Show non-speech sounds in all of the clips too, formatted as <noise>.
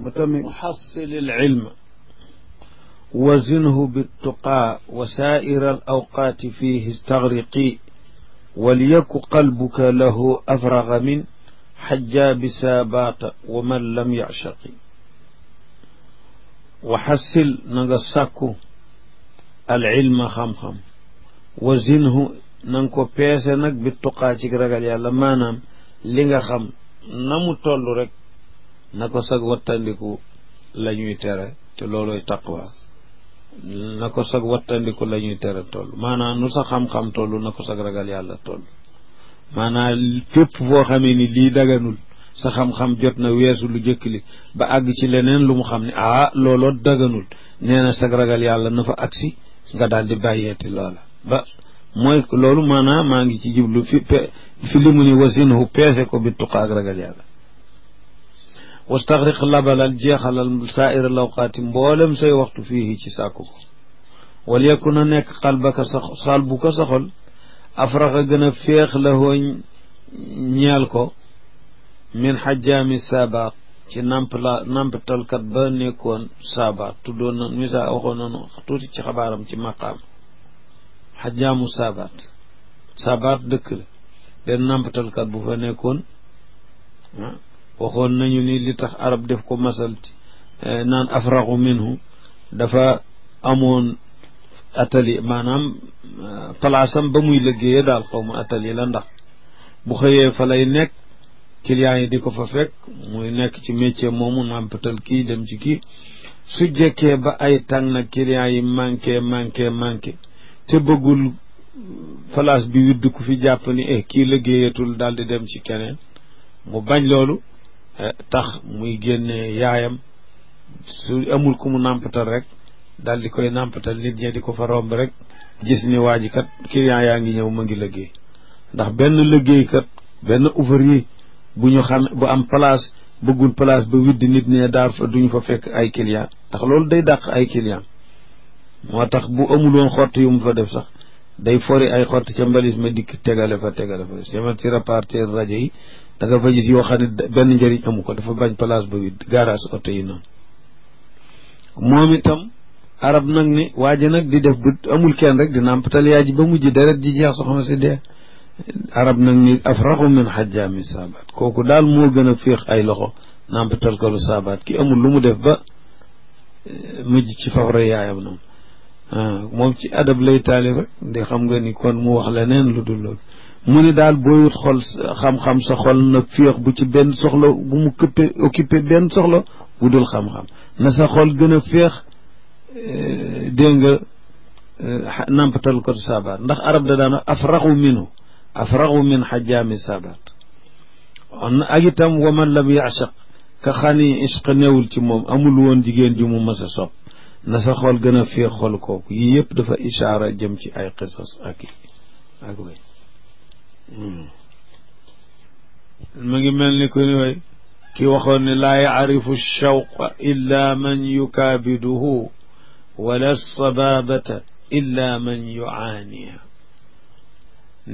محصل العلم وزنه بالتقى وسائر الأوقات فيه استغرقي وليك قلبك له أفرغ من حجا بسابات ومن لم يعشق وحصل نغا ساكو العلم خم خم وزنه نغا بيسنك بالتقى تكرغ يالا مانام لنغا خم نمو تولو رك na ko sag wattandiku la ñuy tere te loolooy looloy wa na ko sag wattandiku la ñuy tere toll maanaam nu sa xam-xam toll na ko sag ragal yàlla toll maanaam fépp foo xamee ni lii daganul sa xam-xam jot na weesu lu jëkk li ba àgg ci leneen lu mu xam ne ah looloo daganul nee na sag ragal yàlla na fa agsi nga daal di bàyyeeti loola ba mooy loolu maanaam maa ngi ci jublu fi fi li mu ni wasin hu peese ko bi tuqa ak ragal yàlla wastaxriq labalal jeexalal saaira lawqaati mboolem say waxtu fii ci sàkku ko wal yekku na nekk xalbaka sa xalbu ko saxol gën a féex la hoo ñeel ko min xajjaami saabaq ci nampla namptalkat ba nekkoon saabaq tuddoon na misa waxoon nañu tuuti ci xabaaram ci maqaam xajjaamu saabaat dëkk la benn namptalkat waxoon nañu ni li tax arab def ko masal eh, naan afraxu minhu dafa amoon atali maanaam eh, place ba muy liggéeye daal xaw ma atali la ndax bu xëyee fa lay nekk clients yi di ko fa fekk muy nekk ci métier moomu nàmpatal kii dem ci kii su jekkee ba ay tàng na clients yi manqué manqué manqué te bëggul place bi widd ku fi jàpp ni eh, kii liggéeyatul daal di dem ci keneen mu bañ loolu Eh, tax muy génne yaayam su amul ku mu nàmpatal rek daal di koy nàmpatal nit ñi di ko fa romb rek gis ni waa ji kat client yaa ngi ñëw ma ngi liggéey ndax benn liggéeykat benn ouvrier bu ñu xam bu am place bëggul place ba widdi nit ñi daar fa duñu fa fekk ay client ndax loolu day dàq ay client moo tax bu amuloon xott yu mu fa def sax day fori ay xott ca mbalis ma dikk tegale fa tegale fa semence si repartir rajo yi da nga fa gis yoo xam benn njëriñ amu ko dafa bañ place ba wit garage oto yi noonu moom itam arab nag ni waa ji nag di def du amul kenn rek di nàmpatal yaay ji ba mujj deret ji jeex soxna si dee arab nag ni afraxu min xajjaami saabaat kooku daal moo gën a féex ay loxo nàmpatal ko lu saabaat ki amul lu mu def ba eh, mujj ci fawra yaayam noonu moom ci adab lay taalif rek di xam nga ni kon mu wax leneen lu dul loolu mu ni daal booy wut xol xam-xam sa xol na féex bu ci benn soxla bu mu këppe occupé benn soxla bu dul xam-xam na sa xol gën a féex eh, dégg nga eh, nampatal ko sabaat ndax arab da daan afraxu minhu afraxu min xajaami sabaat ak itam waman lam yachaq ka xani ishq newul ci moom amul woon jigéen ji mu mas a na sa xol gën a fee xol kooku yii yëpp dafa ishaara jëm ci ay qisas ak ak way hmm. mu ngi mel ni ku ni way ki waxoon ne laa yacrifu shawqa illa man yukaabiduhu wala sababata illa man yucaaniha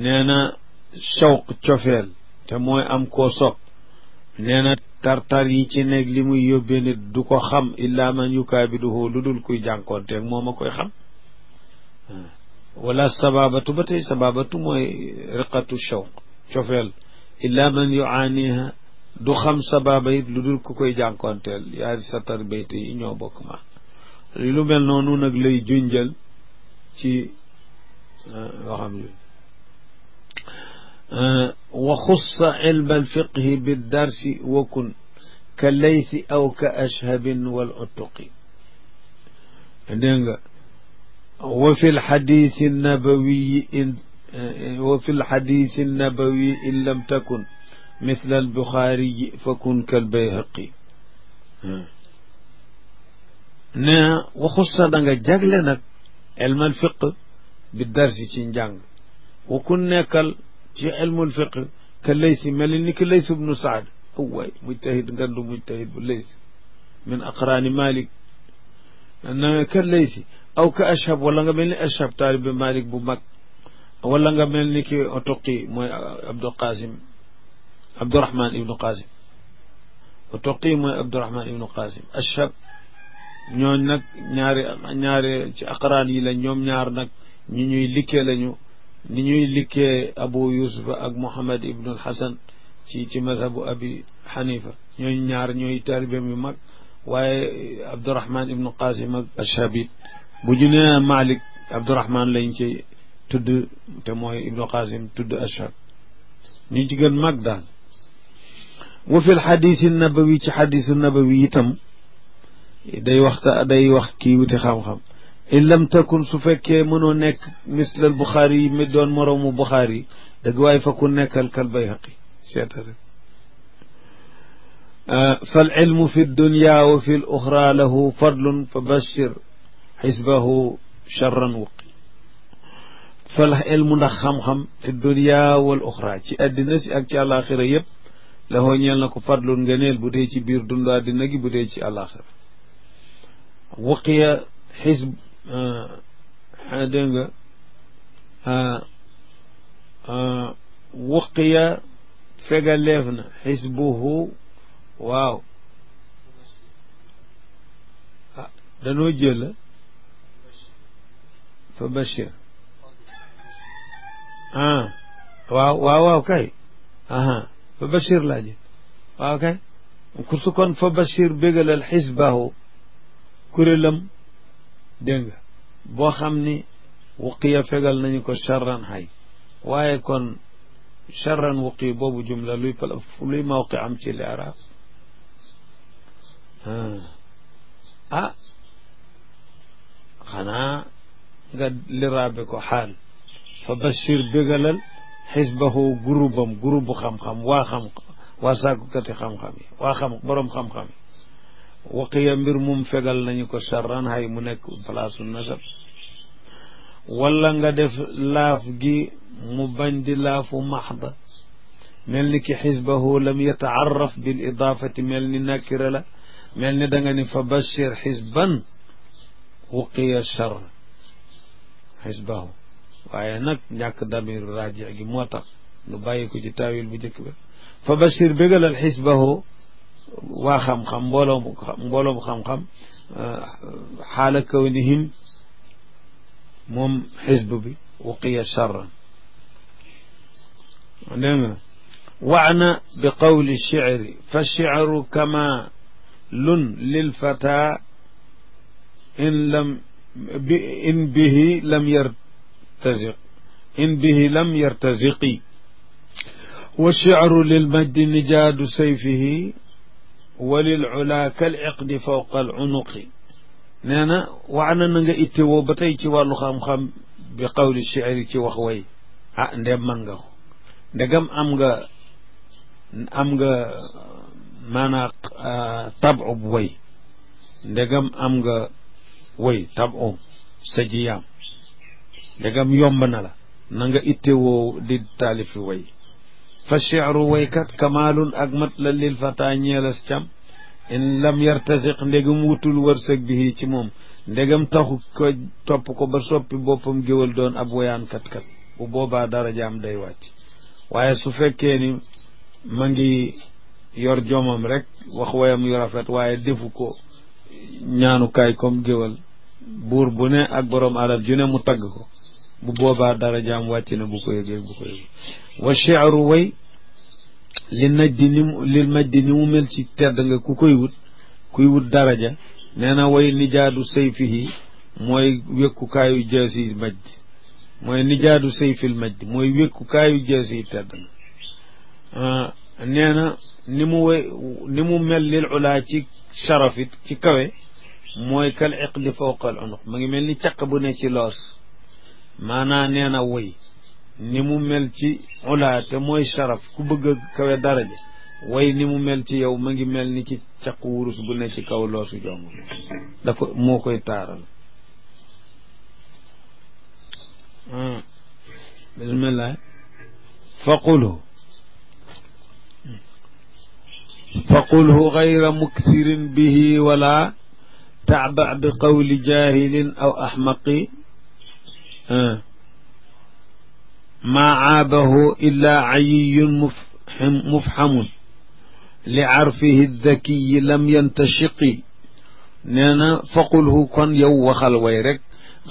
nee na shawq cofeel te mooy am koo sopp nee na tartar yi ci nekk li muy yóbbee nit du ko xam illaa man yukaabiduhu lu dul kuy jànkoonteeg moom a koy xam hmm. wala sababatu ba tey sababatu mooy riqatu shawq cofeel illaa man yuaaniha du xam sababa it lu dul ku koy jànkoonteel yaari satar bayte yi ñoo bokk ma lu mel noonu nag lay junjal ci waxam eh, yi وخص علم الفقه بالدرس وكن كالليث أو كأشهب والأتق وفي الحديث النبوي إن وفي الحديث النبوي إن لم تكن مثل البخاري فكن كالبيهقي ne waxussa da nga jagle nag ilmal fiq bi darsi ci njàng wa kun nekkal ci ilmul fiq ka laysi mel ni ki laysi bnu saad aw waay mujtahid ngandu mujtahid bu laysi min aqraani malik na ka ka ashab wala nga mel ni ashab taalibe malik bu mag wala nga mel ni ki otoqi mooy abdou qasim abdourahman ibnu qasim otoqi mooy ashab ñooñ nag ñaari ñaari ci yi la ñoom ñaar nag ñi ñuy likkee lañu ni ñuy likkee abu yusuf ak muhammad ibnul hasan ci ci madhabu abi xanifa ñaar ñooy taalibeem yu mag waaye abdurahman ibnu qasim ak ashabit bu ñu nee malik abdurahman lañ ci tudd te mooy ibnu qasim tudd ashab ñu ci gën mag daal wa fi lxadis nabawi ci xadisu nabawi itam day waxta wax kii wuti xam-xam in lam takun su fekkee mënoo nekk mislal Buxaari yi mi doon moroomu Buxaari dëgg waaye fa ku nekkal kal Bayhaqi seeta rek ah, fal ilmu fi dunya wa fi l oxra lahu fadlun fa bashir xisbahu charran wuqi fal ilmu ndax xam-xam fi dunya wal oxra ci àddina si ak ci àllaaxira yëpp la hoo ñeel na ko fadlun ngeneel bu dee ci biir dundu àddina gi bu dee ci àllaaxira wuqiya xisb Euh, ah, dégg nga ah, ah, wuqiya fegaleef na xisbuhu waaw danoo jël fa bashir ah waaw waaw waaw kay aha fa bashir laa jël waaw kay kursu kon fa bashir bégalal xisbahu kurélam dégg nga boo xam ni wuqiya fegal nañu ko charran hay waaye kon charran wuqi boobu jumla luy pal luy mawqi am ci li'raab ah. ah xanaa nga liraabe ko xaal fa bashir bégalal xisbahu gurubam gurubu xam-xam waa xam waa sàkkukati xam-xam yi waa borom xam-xam waqiya mbir mum fegal nañu ko charran hay mu nekk palaasu nasab wala nga def laaf gi mu bañ di max maxda mel ni ki xisbahu lam yataarraf bil idaafati mel ni nakira la mel ni danga nga ni fa bashir xisban wuqiya char xisbahu waaye nag ñàkk damiru raaji gi moo nu bàyyi ko ci taawil bu njëkk ba fa bashir bégalal xisbahu waa xam-xam mbooloom mbooloom xam-xam euh, xaala kawnihim moom xisb bi wuqiya charran dégg nga waana bi qawli shicri fa shicru kama lun lilfata in lam in bihi lam yartaziq in bihi lam yartaziqi wa shicru lilmajdi nijaadu sayfihi walil ula kal iqdi fawqa al unuqi nee na waana na nga ittewoo ba tey ci wàllu xam-xam bi qawli shi'ri ci wax way ah ndem man nga ko ndegam am nga am nga maanaa ah, tabu bu way ndegam am nga way tabu sa jiyaam ndegam yomb na la na nga ittewoo di taalifi way fa cheru waykat kamaalun ak mat la lil fata ñeelas cam in lam yartasiq ndegam wutul wërsëg bi ci moom ndegam taxu ko topp ko ba soppi boppam géwal doon ab woyaankat kat bu boobaa darajaam day wàcc waaye su fekkee ni ma ngi yor jomam rek wax wayam yu rafet waaye defu ko ñaanukaay comme géwal buur bu ne ak borom alal ju ne mu tagg ko bu boobaa darajaam wàcc na bu ko yëgee bu ko yëgee wa cheru way li majdi ni mu li majdi ni mu mel ci tedd nga ku koy wut kuy wut daraja nee na way nijaadu sayfihi mooy wékkukaayu jaasi majdi mooy nijaadu sayfil majdi mooy wékkukaayu jaasi tedd nga ah, nee na ni mu way ni mu mel lil ulaa ci sharafit ci kawe mooy kal iqli fawqa al unuq ma ngi mel ni caq bu ne ci loos maanaa neena woy ni mu mel ci ulaa mooy sharaf ku bëgg a kawe daraja way ni mu mel yow ma ngi mel ni ci caq wurus bu ne ci kaw loosu jong da ko moo koy taaral hmm. bismillah faqulhu faqulhu gayra muksirin bihi wala taaba bi qawli jahilin aw axmaqi hmm. maa caabahu illaa cayiyun mufxim mufxamun li carfihi dakiyi lam yantashiqi nee na faqulhu kon yow waxal way rek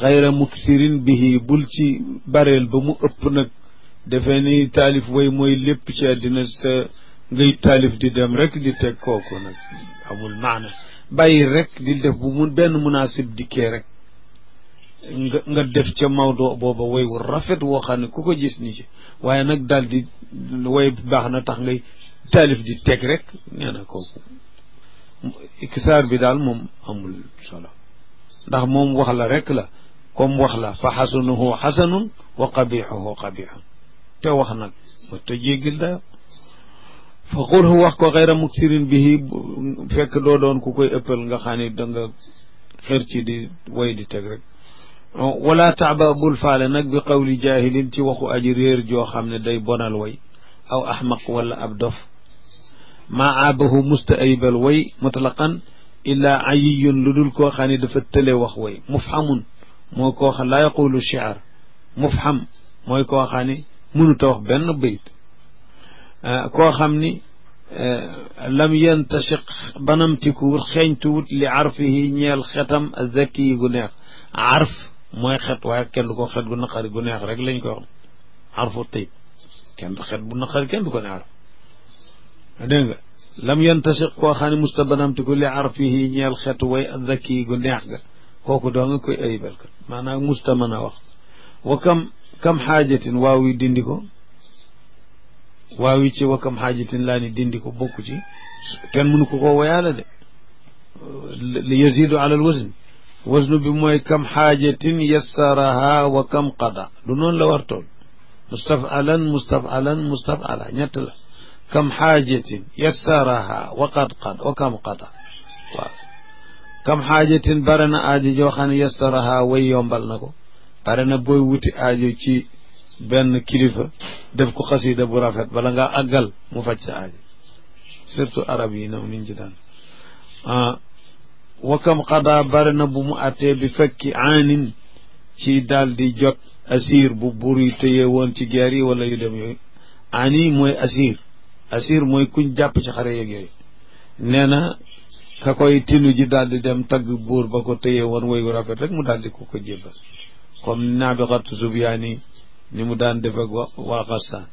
xayra muksirin bihi bul ci bareel ba mu ëpp nag defe ni taalif way mooy lépp ci àddina sa ngay taalif di dem rek di teg kooku nag amul maana bàyyi rek di def bu mu benn munaasib dikkee rek nga nga def ca Maodo booba way wu rafet woo xam ku ko gis ni ci waaye nag dal di way baax na tax ngay taalif di teg rek nee na kooku iksaar bi daal moom amul solo ndax moom wax la rek la comme wax la fa xasanuhu xasanun wa qabixuhu qabixun te wax nag ma ta jéggil da fa qul hu wax ko xayra muksirin bihi fekk doo doon ku koy ëppal nga xam ne da ci di way di teg rek wala taaba bul faale nag bi qawli jaahilin ci waxu aji réer joo xam ne day bonal way aw axmaq wala ab dof maa aabahu musta aybal way mutlaqan illaa ayiyun lu dul koo xam ne dafa tële wax way mufhamun moo koo xam laa yaqulu shiar mufham mooy koo xam ne mënuta wax benn bayt ah, koo xam ni eh, lam yantashiq banamtikuwut xeeñtuwut li arfihi ñeel xetam zaki gu neex arf mooy xet waaye kenn du ko xet gu naqari gu neex rek lañ koy wax xarfu tayib kenn du xet bu naqari kenn du ko ne araf dégg nga lam yantasiq koo xam ne mustabanamti ku li arfihi ñeel xetu way azzaki gu neex ga kooku doo nga koy ayibal ko maanaam musta mën a wax wa kam kam xaajatin waaw yi dindi ko waaw yi ci wa kam xaajatin laa ni dindi ko bokku ci kenn mënu ko koo wayaala de li yazidu ala al wazn wasnu bi mooy kam xaajatin yassaraha wa kam qada du noonu la war tool mustafalan mustafalan mustafala ñett la kam xaajatin yassaraha wa qad qad wa kam qada waaw kam xaajatin bare na aajo joo xam ne yassaraha way yombal na ko bare na booy wuti aajo ci benn kilifa def ko xasida bu rafet bala ngaa àggal mu faj sa aajo surtout arab yi noonu niñ ci daan ah wakam xadaa bari na bu mu àttee bi fekki aanin ci daal di jot asir bu buur yi tëye woon ci geer yi wala yu dem yooyu aani mooy asir asir mooy kuñ jàpp ci xare yeeg yooyu nee na ka koy tinu ji dal di dem tagg buur ba ko tëye woon woyu rafet rek mu daal di ko ko jébbal comme naabixatu subyaani ni mu daan def ak waa xastaan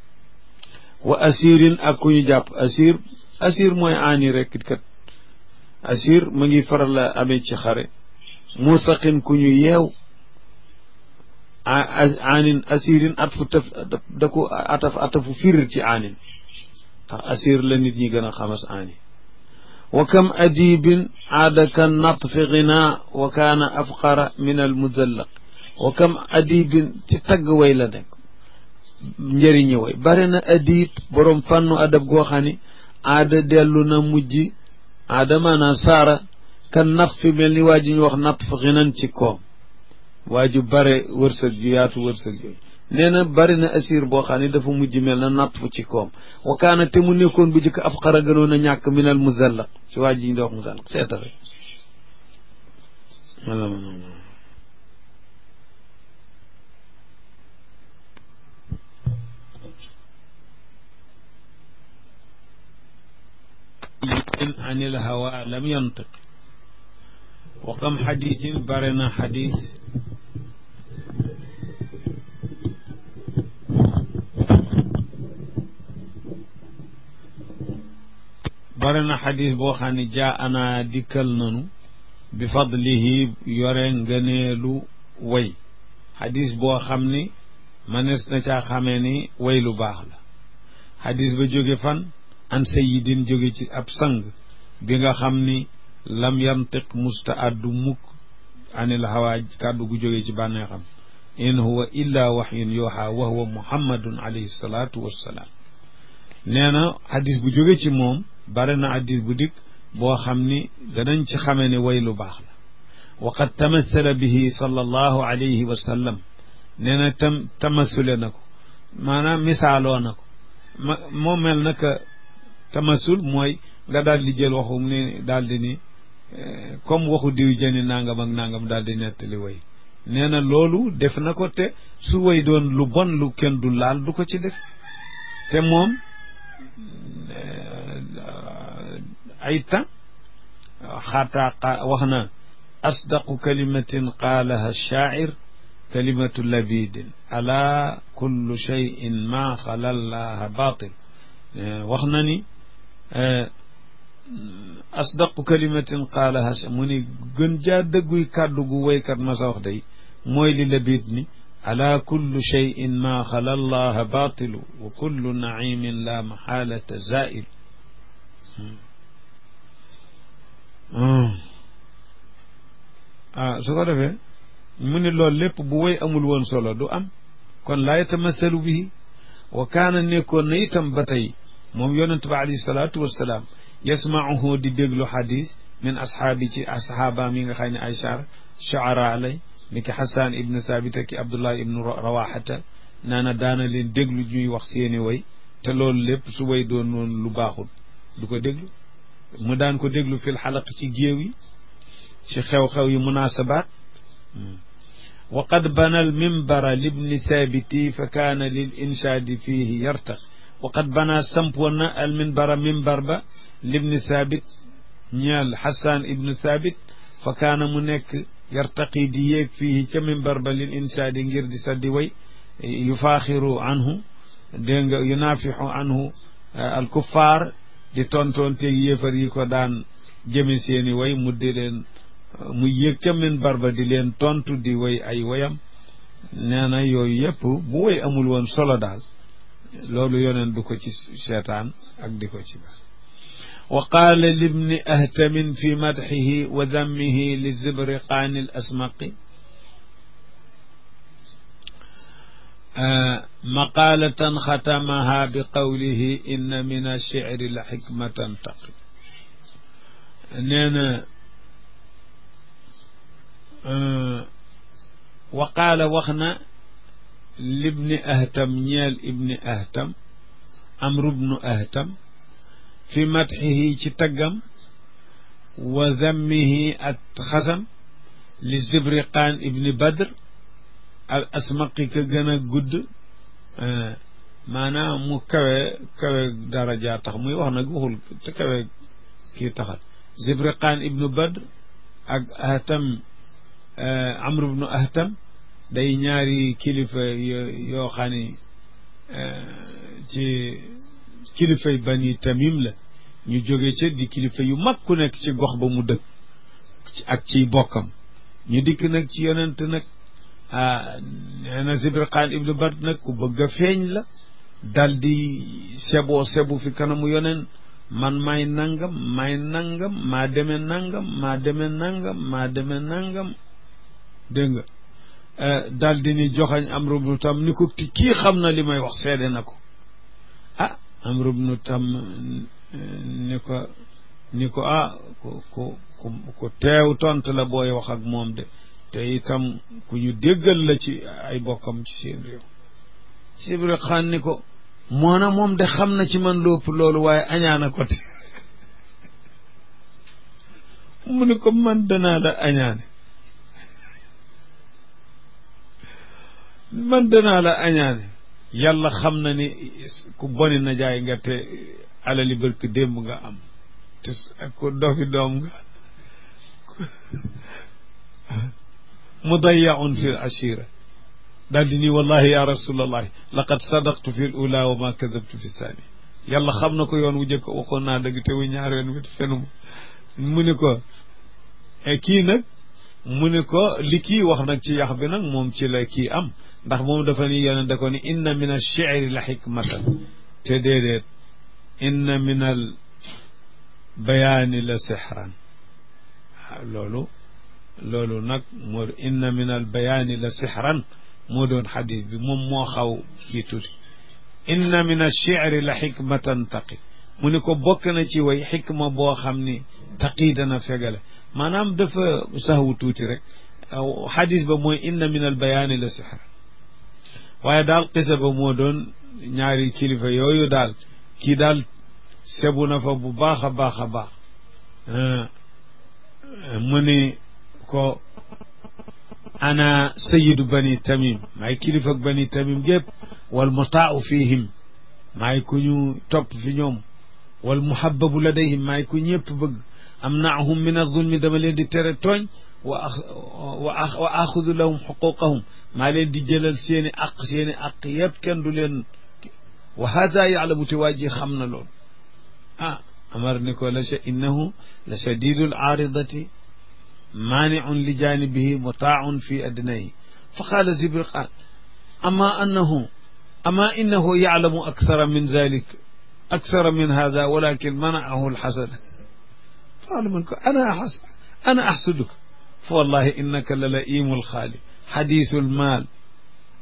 wa asirin ak ku ñu jàpp asir asir mooy aani rek kat asir mu ngi faral a ci xare mursaqin ku ñu yeew aanin asirin atafu firir ci aanin ndax la nit ñi gën a xamas aani wa kam adibin aada ka ci tagg way la nekk njëriñi way bare na adib borom adab goo xam dellu na mujj adamana saara kan naf fi mel ni waa ju ñu wax natf xinan ci koom waa ju bare wërsëg ju yaatu wërsëg ju nee na bari na boo xam ne dafa mujj mel na natf ci koom wa kaana te mu nekkoon bu jëkk af xara gënoon a ñàkk minal muzallaq ci waa ji ñu dox muzallaq seetare naatin an il hawa lam yantiq wa kam xadiisin bare na xadiis bare na xadiis boo xam ne jaa anaa dikkal nanu bi fadlihi yore ngëneelu way xadis boo xam ni manees na caa xamee ni way lu baax la xadis ba jóge fan an sayidin jóge ci ab sang bi nga xam ni lam yantiq musta addu mukk anil hawa kàddu gu jóge ci bànnee xam in huwa illa waxyun yooxaa wa huwa muhammadun alayhi salaatu wassalaam nee na xadis bu jóge ci moom bare na xadis bu dikk boo xam ni danañ ci xamee ne way lu baax la wa qad tamathala bihi sallallahu alayhi wa sallam nee na tam tamasule na ko maanaam misaaloo na ko ma moo mel naka tamasul mooy nga eh, comme waxu diw jëni nangam nee na loolu def na ko te lu bon du laal du ko ci moom eh, ay temps xaataa wax na asdaqu kalimatin qaalaha shaair kalimatu labidin ala kullu cheyin ma xalallaha batil eh, wax na ni Euh, asdaqu kalimatin qaalaha mu ni gën jaa dëgguy kàddu gu woykat ma sa wax day mooy li la biit ni ala kullu cheyin maa xala allaha baatilu wa kullu naimin la maxaalata zail hmm. ah su ko defee mu ni loolu lépp bu woy amul woon solo du am kon laa yatamasalu bihi wa kaana nekkoon na itam ba tey moom yonent ba alayhi salaatu wassalaam yasmauhu di déglu xadis min asxaabi ci asxaabaam yi nga xam ne ay char chaara lay ni ki xasaan ibnu saabita ki abdullah ibnu rawaxata naa na daana leen déglu ñuy wax seeni way te loolu lépp su way doon noonu lu baaxul du ko déglu mu daan ko déglu fil xalaq ci géew yi ci xew-xew yi munaasabaat wa qad bana al mimbara libni saabiti fa kaana lil inshaadi fiihi yartaq waqad bana samp woon na al minbara minbar ba libni saabit ñeel xasan ibnu saabit fa kaana mu nekk yartaqi di yéeg fii ca minbar ba lil insaadi ngir di saddi way yufaaxiru anhu dégg nga yunaafixu anhu al kuffaar di tontoonteeg yéefar yi ko daan jëme seeni way mu di leen mu yéeg ca minbar ba di leen tontu di way ay wayam nee na yooyu yëpp bu way amul woon solo daal loolu yoneen du ko ci seetaan ak di ko ci baax wa qaala libni ahtamin fi madxihi wa dammihi li zibriqaani l asmaqi maqaalatan xatamaha bi qawlihi inna min ashicri la xikmatan taqi nee na wa qaala wax na libni ahtam ñeel ibni ahtam amru bnu ahtam fi matxihi ci taggam wa dammihi ak xasam li zibriqaan ibni badr al asmaqi ka gën a gudd eh, maanaam mu kawe kawe daraja tax muy wax nag waxul te kawe kii taxal zibriqaan ibnu badr ak ahtam eh, amru bnu ahtam day ñaari kilifa yoo xam ni euh, ci kilifay bani tamim la ñu jóge ca di kilifa yu mag ku nekk ci gox ba mu dëkk ak ciy bokkam ñu dikk nag ci yonent nag ah nee na Sibirqaan ibnu Bart nag ku bëgg feeñ la dal di seboo sebu fi kanamu yonent man maay nangam maay nangam maa deme nangam maa demee nangam maa demee nangam dégg nga Eh, daldi ni joxañ amru bnu tam ni ko kii xam na li may wax seede na ko ah amru bnu tam eh, ni ko ni ko ah ku ku la booy wax ak moom de te itam ku ñu déggal la ci ay bokkam ci seen réew seen xaan ni ko moo na moom de xam na ci man lópp loolu waaye añaana ko te <laughs> mu ni ko man danaa la añaane man danaa la añaane yàlla xam na ni ku boni na jaay nga te alali bërk démb nga am te ku dofi doom nga mudayaun fi l achira daal di ni wallahi ya rasulallahi laqad sadaqtu fi l ma kadabtu fi sani yàlla xam na ko yoon wu jëkk waxoon naa dëgg te wu ñaar yoon wi fenuma mu ni ko eh, kii nag mu ni ko li kii wax nag ci yax bi nag moom ci la kii am ndax moom dafa ni yonent da ko ni inna min al shi'ri la xikmatan te déedéet inna min al bayaani la sixran ah, loolu loolu nag moo inna min al bayaani la sixran moo doon xadis bi moom moo xaw kii tuuti inna min al shi'ri la xikmatan taqi mu ni ko bokk na ci way xikma boo xam ni taqi dana fegale maanaam dafa saxwu tuuti rek xadis ba mooy inna min al bayaani la sixran waaye daal xisa ba moo doon ñaari kilifa yooyu daal kii daal sebu na fa bu baax a baax a baax ah, mu ni ko ana sayidu bani tamim maay kilifa bani tamim gépp wal mutaau fihim maay ku ñu topp fi ñoom wal muhababu ladayhim maay ku ñëpp bëgg am naahum min azulmi dama leen di tere tooñ wa a wa axudu lahum xuquqahum maa leen di jëlal seeni aq seeni aq yëpp kenn du leen wa hada yaalamu te waa ji xam na loolu ah amar ni ko la sa innahu la shadidul aaridati maaniun li janibihi mutaaun fi adnayi fa qaala zibriqaan ama annahu ama innahu yaalamu akthara min dalik akthara min hada walakin manaahu alxasan qaala man ko ana ana axsuduka fa wallahi innaka la laimul xaali xadisul maal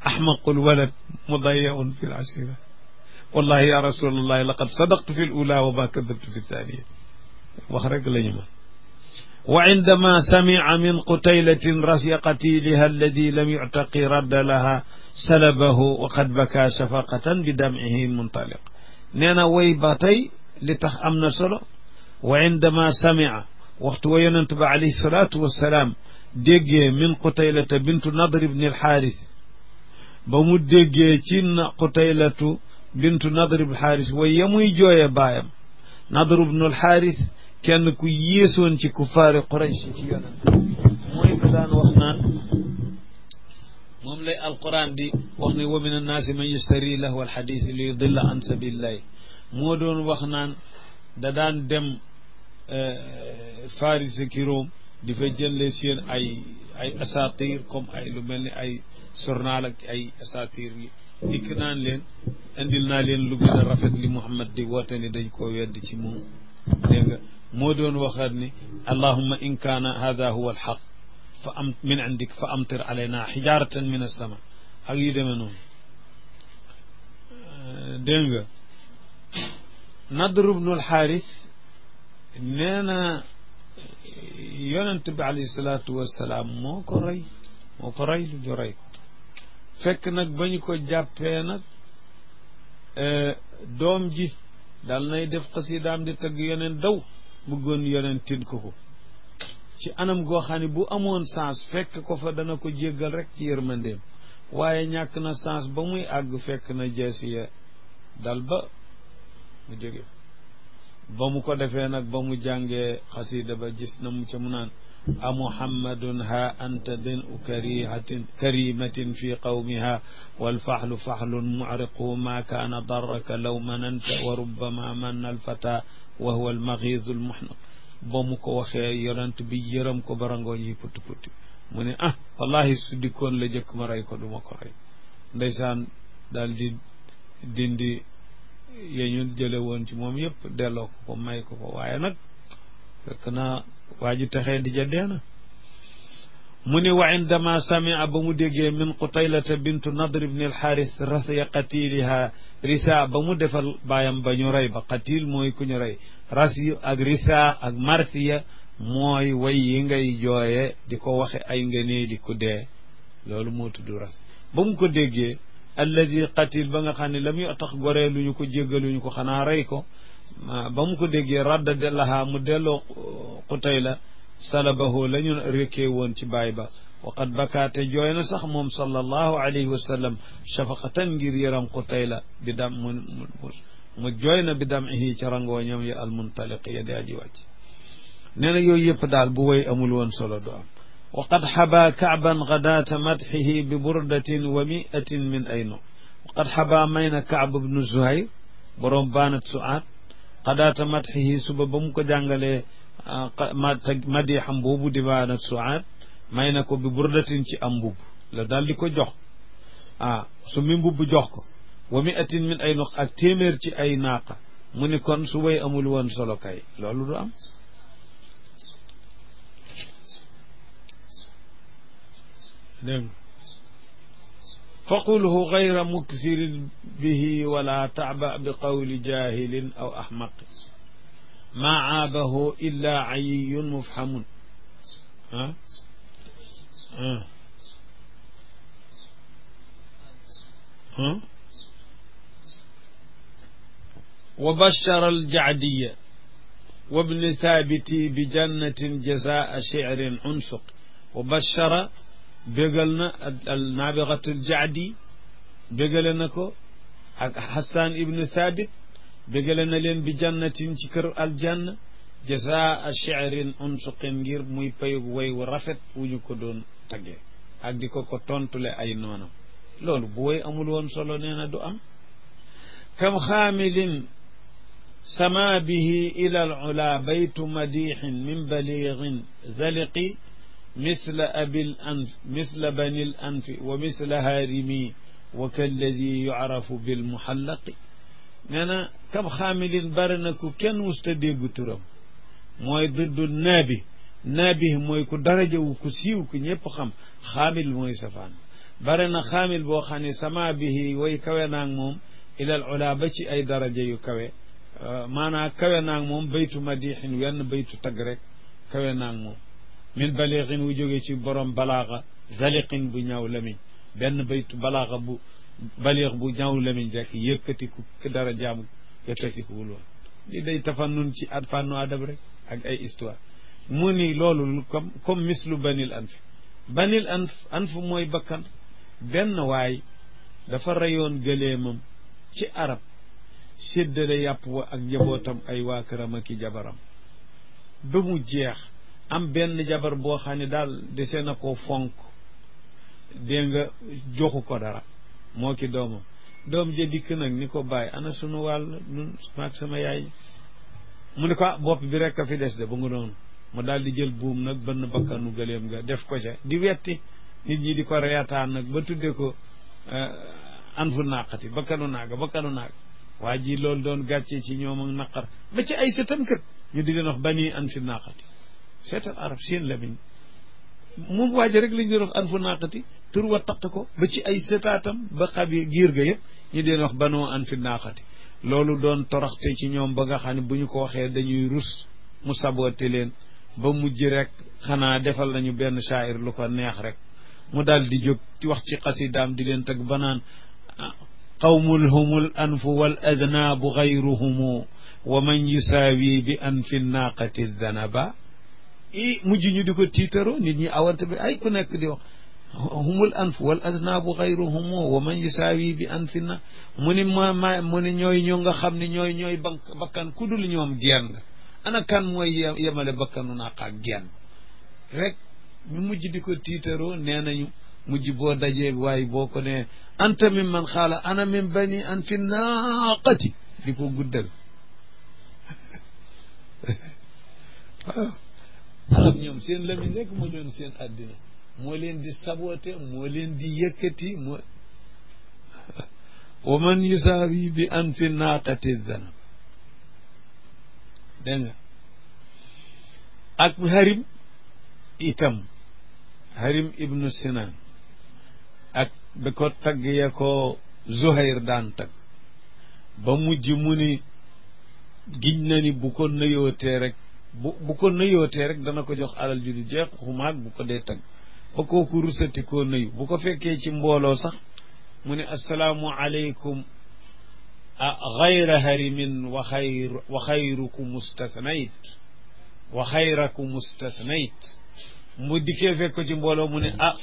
axmaqul walad mudayaun fi lashira wallahi ya rasulallahi laqad sadaqtu fi lula wa ma kadabtu fi thaniya wax rek la ñu mën wa indama samica min qutaylatin rasya qatiliha alladi lam yuctaqi radda laha salabahu wa qad baka shafaqatan bi damcihi muntaliq nee na way ba tey li tax am na solo wa indama samica waxtu wa yonent ba alayhi salaatu wassalaam déggee min qutaylata bintu nadr ibni alxaaris ba mu déggee ci qutaylatu bintu nadr ibni alxaaris way ya muy jooye baayam nadr ibnu alxaaris kenn ku yéesoon ci kuffaari quraysh ci yonent mooy ko daan wax naan moom lay alquran di wax ne wa min annaasi man yastari lahu alxadis li yudilla an sabilillahi moo doon wax naan da daan dem Euh, Faris ak Rome di fa jëlee seen ay ay asaatiir comme ay lu mel ni ay journal ak ay asaatiir yi dikk naan leen indil naa leen lu gën a rafet li Muhammad di woote ni dañ koo wedd ci moom dégg nga moo doon waxaat ni allahumma in kaana hada huwa alxaq fa am min indik fa amtir alayna xijaaratan min assama ak yu demee noonu euh, dégg nga nadr bnu alxaaris nee na yonent bi alayhi salaatu moo ko rey moo ko rey lu ñu rey ko fekk nag ba ñu ko jàppee nag e, doom ji daal nay def xasidaam di tagg yoneen daw bëggoon yoneen tin ko ko ci anam goo xam bu amoon sens fekk ko fa dana ko jéggal rek ci yërmandeem waaye ñàkk na sens ba muy àgg fekk na jeesi ya dal ba mu jóge ba mu ko defee nag ba mu jàngee xasida ba gis na mu ca mu naan a muhammadun ha anta din u karihatin karimatin fi qawmiha walfaxlu faxlun mucriqu ma kaana darraka law mananta wa rubbama manna alfata wa huwa almaxiizu almuxnaq ba mu ko waxee yonent bi yërëm ko barangooñ yi putti putti mu ne ah wallahi su dikkoon la jëkk ma rey ko du ma ko rey ndeysaan daal di dindi ya ñu jële woon ci moom yëpp delloo ko may ko ko waaye nag waa ju texe di ja dee na mu ni wa indama samia ba mu déggee min qutaylata bintu nadr ibni alxaaris rasya qatiliha risa ba mu defal baayam ba ñu rey ba qatil mooy ku ñu rey rasyu ak risa ak marsiya mooy way yi ngay jooye di ko waxe ay ngënee di ku dee loolu moo tudd ras ba mu ko déggee alladi qatil ba nga xam ne la muy tax goree lu ñu ko jéggaluñu ko xanaa rey ko ba mu ko déggee radda lahaa mu delloo Qutayla salabahu la ñu rékkee woon ci baay ba waqad bakaate jooy na sax moom sallallahu alayhi wa sallam shafaqatan ngir yaram Qutayla bi dam mu mu jooy na bi dam ihi ca rangoo ñoom ya almuntaliq ya di aji wàcc nee na yooyu yëpp daal bu woy amul woon solo do am وقد حبى كعبا غداة مدحه ببردة ومئة من أينو وقد حبى مين كعب بن زهير بروم بانت سعاد غداة مدحه سببم كجانغلي مديحم بوبو دي بانت سعاد مين كو ببردة تي أمبوب لا دال ديكو جوخ آه سمي مبوب جوخ كو ومئة من أينو أك تيمير تي أي ناقة mu ni kon su way amul woon solo kay loolu du am dégg faqulhu gayra muksirin bihi wala taaba bi qawli jahilin aw ahmaqi maa aabahu illa ayiyun mufhamun ah ah wa bashara aljacdiya wabni thabiti bi jannatin jazaa shicrin unsuq wa bashara bégal na al naabigatul jaadi bégale na ko ak Hassan ibnu Thabit bégale na leen bi jannatin ci kër aljanna jazaa shi'rin unsuqin ngir muy payug way wu rafet wu ñu ko doon tagge ak di ko ko tontule ay noonam loolu bu way amul woon solo nee na du am kam xaamilin sama bihi ila al ula baytu madixin min baliigin zaliqi misla abil anf misla banil anfi wa misla haarimi wa kalladi yucrafu bilmuxallaqi nee na kam xaamilin bari na ku kenn musta dégg turam mooy dëddul naabi naabi mooy ku darajawu ku siiw ku ñëpp xam xaamil mooy safaan bari na xaamil boo xam ne sama bihi way kawe naag moom ilal ula ba ci ay daraja yu kawe maanaam kawe naag moom baytu madixin wenn baytu tag rek kawe naag moom min balixin wu jógee ci borom balaaxa zaliqin bu ñaw lamiñ benn baytu balaaxa bu balix bu ñaw lamiñ rek yëkkatiku dara jaamu yëkkatiku wul woon li day tafannun ci ad fànnu rek ak ay histoire mu ni loolu comme comme mislu banil anf banil anf anf mooy bakkan benn waay dafa reyoon gëleemam ci arab séddale yàpp wa ak njabootam ay waa këram ak i jabaram ba mu jeex am benn jabar boo xam ne daal dese na ko fonk dégg nga joxu ko dara moo ki doomam doom ja dikk nag ni ko bàyyi ana sunu wàll nun maag sama yaay mu ni ko ah, bopp bi rek a fi des de ba nga doon mu daal di jël buum nag benn bakkanu gëléem nga def ko ca di wetti nit ñi di ko reyataan nag ba tudde ko eh, anfu naqati bakkanu naaga bakkanu naaga waa ji loolu doon gàccee ci ñoom ak naqar ba ci ay sëtam kër ñu di leen wax an anfi naqati seetal arab seen lamiñ moom waaja rek lañ doon wax an fu naqati tur wa taq ko ba ci ay sëtaatam ba xabi giir ga yëpp ñu deen wax banoo anfi fi naqati loolu doon toroxte ci ñoom ba nga xam bu ñu ko waxee dañuy rus mu saboote leen ba mujj rekk xanaa defal nañu benn shaayir lu ko neex rek mu daal di jóg ci wax ci xasidaam di leen teg banaan ah, qawmul humul anfu wal adnaabu gayruhumu wa man yusaawi bi anfi naqati danaba i mujj ñu di ko tiitaro nit ñi awante bi ay ku nekk di wax humul anf wal aznaabu xayruhum wa man yusaawi bi anfina mu ni ñooy nga xam ne ñooy ñooy bakkan ku ñoom genn nga ana kan mooy yemale bakkanu naq ak genn rek ñu mujj di ko tiitaroo nee nañu mujj boo dajee waaye boo ko nee anta min man xaala ana min bani an fi di ko guddal <laughs> arab ñoom seen lamiñ rek moo doon seen àddina moo leen di saboote moo leen di yëkkati moo <laughs> wa man yusaawi bi an fi naatati zanam ak harim itam harim ibnu sinan ak bi ko tagg ya ko zuhair daan tagg ba mujj mu ni giñ na bu ko nëyootee rek bu bu ko nëyootee rek dana ko jox alal ju du jeex xumaag bu ko dee tag ba kooku rusati koo nëyu bu ko fekkee ci mbooloo sax mu ne asalaamu aleykum a xayra harimin wa xayru wa xayruku mustathnayt wa xayraku mustathnayt mu dikkee fekk ko ci mbooloo mu ne ah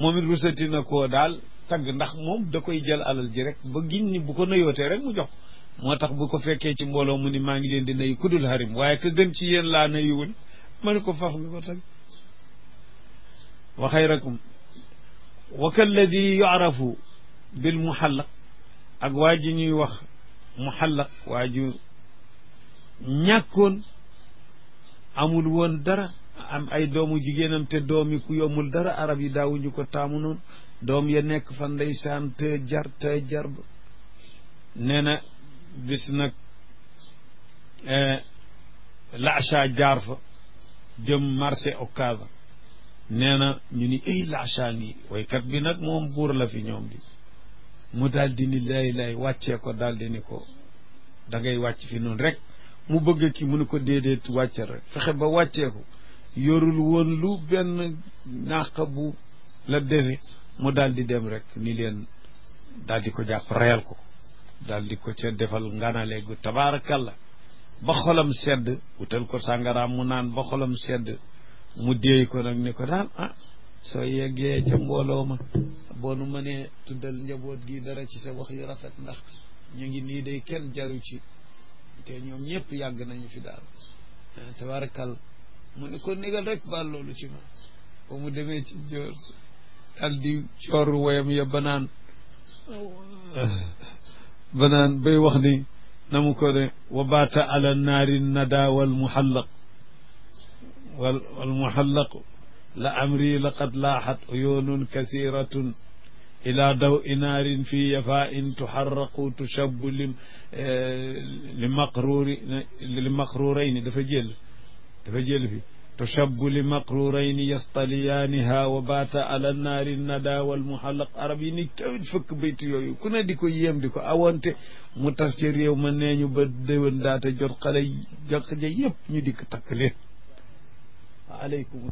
moom it rusati na ko daal tagg ndax moom da koy jël alal ji rek ba gin ni bu ko nëyootee rek mu jox moo tax bu ko fekkee ci mbooloo mu ni maa ngi leen di nuyu ku dul harim waaye ka gën ci yéen laa nuyuwul ma ne ko fax bi ko tag wa xayrakum wa kalladi yu'rafu bil muxallaq ak waa ji ñuy wax mu waa waaju ñàkkoon amul woon dara am ay doomu jigéenam te doom yi ku yombul dara arab yi daawuñu ko taamu noonu doom ya nekk fa ndeysaan te jar jar ba bis nag e, laacha jaar fa jëm marché Ocaza nee na ñu ni ay laacha ngi waykat bi nag moom buur la fi ñoom di mu daal di ni lay lay wàccee ko daal di ni ko dangay ngay wàcc fi noonu rek mu bëgg ki mu ni ko déedéet wàccal rek fexe ba wàcceeku yorul woon lu benn nàq bu la defe mu daal di dem rek ni leen daal di ko jàpp reyal ko daal di ko ca defal nganaleegu tabaarakalla ba xolam sedd wutal ko sàngaraam mu naan ba xolam sedd mu déey ko nag ni ko daal ah soo yeggee ca mbooloo ma boo nu mënee tuddal njaboot gi dara ci sa wax yu rafet ndax ñu ngi nii day kenn jaru ci te ñoom ñëpp yàgg nañu fi daal eh, tabaarakalla mu ne ko négal rek baal loolu ci ma ba mu demee ci joor daal di coor woyam ya banaan oh. ah, banaan bay wax ni na mu ko de wa baata ala naari nada walmuxallaq walmuxallaq la amri laqad laaxat uyuunun kasiratun ila daw i naarin fi yafain tuxarraqu tushabu eh, li li maqruuri li maqruurayni dafa jël dafa jël fi tushabbu li maqrurayni yastaliyaaniha wa baata ala naari nada wal muhallaq arab ni tawit di ko yéem di ko awante mu tas ci réew ma ñu ba déwén daata jot xale jàq ja yépp ñu dikk takk leen aleykum